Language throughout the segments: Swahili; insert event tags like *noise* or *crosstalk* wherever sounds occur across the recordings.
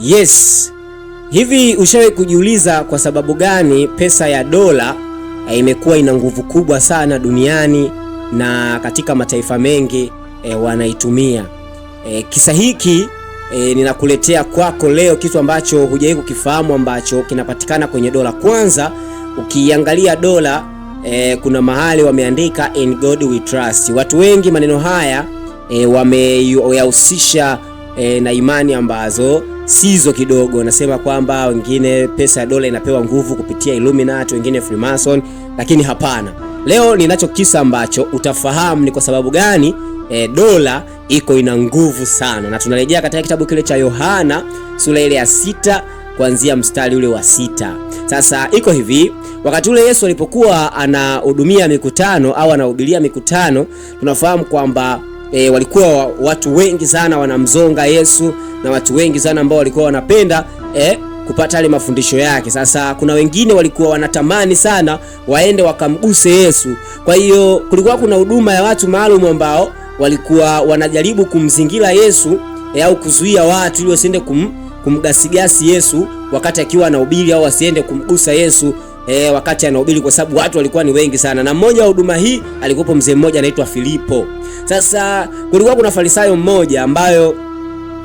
Yes. Hivi ushawahi kujiuliza kwa sababu gani pesa ya dola eh, imekuwa ina nguvu kubwa sana duniani na katika mataifa mengi e, wanaitumia. E, kisa hiki e, ninakuletea kwako leo kitu ambacho hujawahi kukifahamu ambacho kinapatikana kwenye dola. Kwanza ukiangalia dola e, kuna mahali wameandika in God we trust. Watu wengi maneno haya e, wameyahusisha e, na imani ambazo sizo kidogo. Nasema kwamba wengine pesa ya dola inapewa nguvu kupitia Illuminati, wengine Freemason, lakini hapana. Leo ninacho kisa ambacho utafahamu ni kwa sababu gani e, dola iko ina nguvu sana, na tunarejea katika kitabu kile cha Yohana sura ile ya sita kuanzia mstari ule wa sita. Sasa iko hivi, wakati ule Yesu alipokuwa anahudumia mikutano au anahubiria mikutano, tunafahamu kwamba e, walikuwa watu wengi sana wanamzonga Yesu na watu wengi sana ambao walikuwa wanapenda e, kupata yale mafundisho yake. Sasa kuna wengine walikuwa wanatamani sana waende wakamguse Yesu. Kwa hiyo kulikuwa kuna huduma ya watu maalum ambao walikuwa wanajaribu kumzingira Yesu e, au kuzuia watu ili wasiende kum, kumgasigasi Yesu wakati akiwa anahubiri au wasiende kumgusa Yesu e, wakati anahubiri, kwa sababu watu walikuwa ni wengi sana, na mmoja wa huduma hii alikuwepo mzee mmoja anaitwa Filipo. Sasa kulikuwa kuna farisayo mmoja ambayo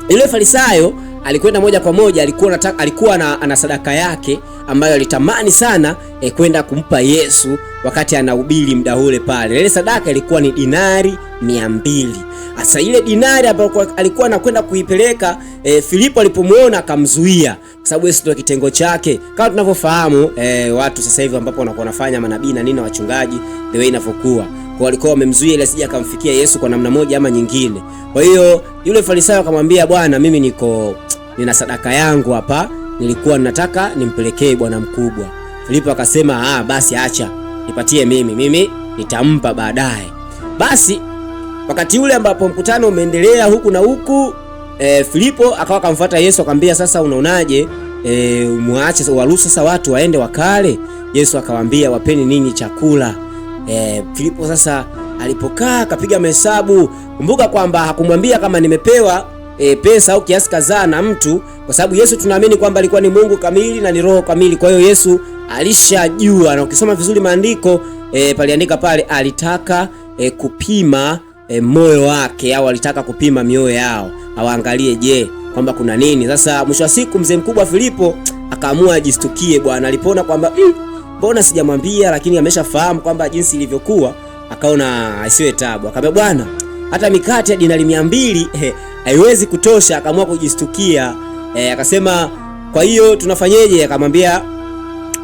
yule farisayo alikwenda moja kwa moja, alikuwa nataka, alikuwa na, ana sadaka yake ambayo alitamani sana e, kwenda kumpa Yesu wakati anahubiri muda ule pale. Ile sadaka ilikuwa ni dinari mia mbili. Sasa ile dinari ambayo alikuwa anakwenda kuipeleka e, Filipo alipomwona akamzuia, kwa sababu Yesu ndio kitengo chake. Kama tunavyofahamu e, watu sasa hivi ambapo wanakuwa wanafanya manabii na nini na wachungaji the way inavyokuwa walikuwa wamemzuia ili asije akamfikia Yesu kwa namna moja ama nyingine. Kwa hiyo yule Farisayo akamwambia, bwana, mimi niko nina sadaka yangu hapa, nilikuwa nataka nimpelekee bwana mkubwa. Filipo akasema, ah, basi acha nipatie mimi, mimi nitampa baadaye. Basi wakati ule ambapo mkutano umeendelea huku na huku e, Filipo akawa akamfuata Yesu akamwambia, sasa unaonaje e, muache waruhusu sasa watu waende wakale? Yesu akawaambia, wapeni ninyi chakula. E, Filipo sasa alipokaa akapiga mahesabu. Kumbuka kwamba hakumwambia kama nimepewa e, pesa au kiasi kadhaa na mtu, kwa sababu Yesu tunaamini kwamba alikuwa ni Mungu kamili na ni roho kamili. Kwa hiyo Yesu alishajua, na ukisoma vizuri maandiko e, paliandika pale alitaka e, kupima e, moyo wake au alitaka kupima mioyo yao awaangalie, je, kwamba kuna nini. Sasa mwisho wa siku mzee mkubwa Filipo *tsk* akaamua ajistukie bwana alipoona kwamba mm, mbona sijamwambia, lakini ameshafahamu kwamba jinsi ilivyokuwa, akaona asiwe tabu, akamwambia bwana, hata mikate ya dinari mia mbili eh, haiwezi kutosha. Akaamua kujistukia eh, akasema kwa hiyo tunafanyeje? Akamwambia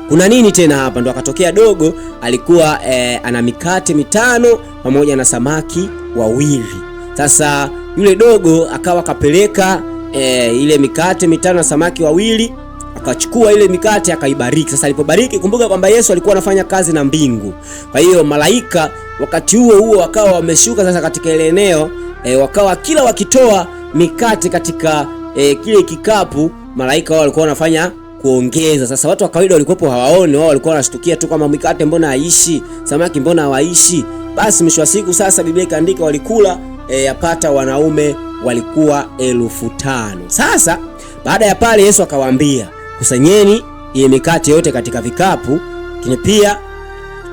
kuna nini tena hapa? Ndo akatokea dogo, alikuwa eh, ana mikate mitano pamoja na samaki wawili. Sasa yule dogo akawa kapeleka eh, ile mikate mitano na samaki wawili akachukua ile mikate akaibariki. Sasa alipobariki, kumbuka kwamba Yesu alikuwa anafanya kazi na mbingu, kwa hiyo malaika wakati huo huo wakawa wameshuka sasa katika ile eneo e, wakawa kila wakitoa mikate katika e, kile kikapu, malaika wao walikuwa wanafanya kuongeza. Sasa watu wa kawaida walikuwepo hawaoni, wao walikuwa wanashtukia tu kama mikate mbona haishi, samaki mbona hawaishi. Basi mwisho wa siku sasa Biblia ikaandika walikula e, yapata wanaume walikuwa elfu tano. Sasa baada ya pale Yesu akawaambia kusanyeni ile mikate yote katika vikapu, lakini pia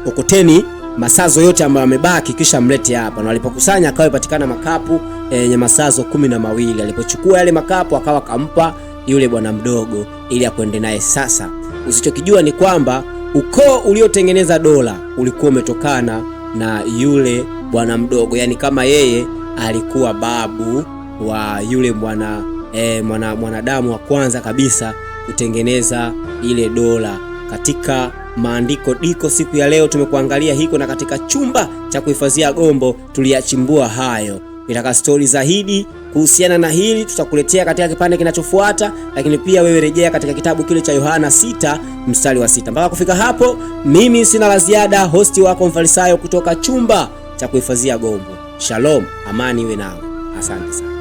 okoteni masazo yote ambayo yamebaki, kisha mlete hapa. Na walipokusanya akawa ipatikana makapu eh, yenye masazo kumi na mawili. Alipochukua yale makapu akawa kampa yule bwana mdogo ili akwende naye. Sasa usichokijua ni kwamba ukoo uliotengeneza dola ulikuwa umetokana na yule bwana mdogo, yaani kama yeye alikuwa babu wa yule mwana e, eh, mwana mwanadamu wa kwanza kabisa kutengeneza ile dola. Katika maandiko diko siku ya leo tumekuangalia hiko, na katika chumba cha kuhifadhia gombo tuliyachimbua hayo. Nitaka stori zaidi kuhusiana na hili tutakuletea katika kipande kinachofuata, lakini pia wewe rejea katika kitabu kile cha Yohana 6 mstari wa sita. Mpaka kufika hapo, mimi sina la ziada. Hosti wako Mfarisayo kutoka chumba cha kuhifadhia gombo. Shalom, amani iwe nawe. Asante sana.